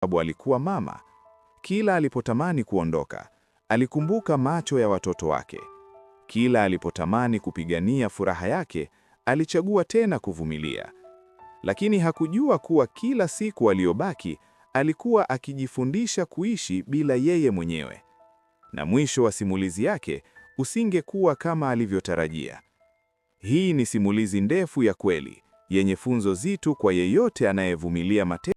sababu alikuwa mama. Kila alipotamani kuondoka, alikumbuka macho ya watoto wake. Kila alipotamani kupigania furaha yake, alichagua tena kuvumilia. Lakini hakujua kuwa kila siku aliyobaki alikuwa akijifundisha kuishi bila yeye mwenyewe. Na mwisho wa simulizi yake usingekuwa kama alivyotarajia. Hii ni simulizi ndefu ya kweli yenye funzo zito kwa yeyote anayevumilia mateso.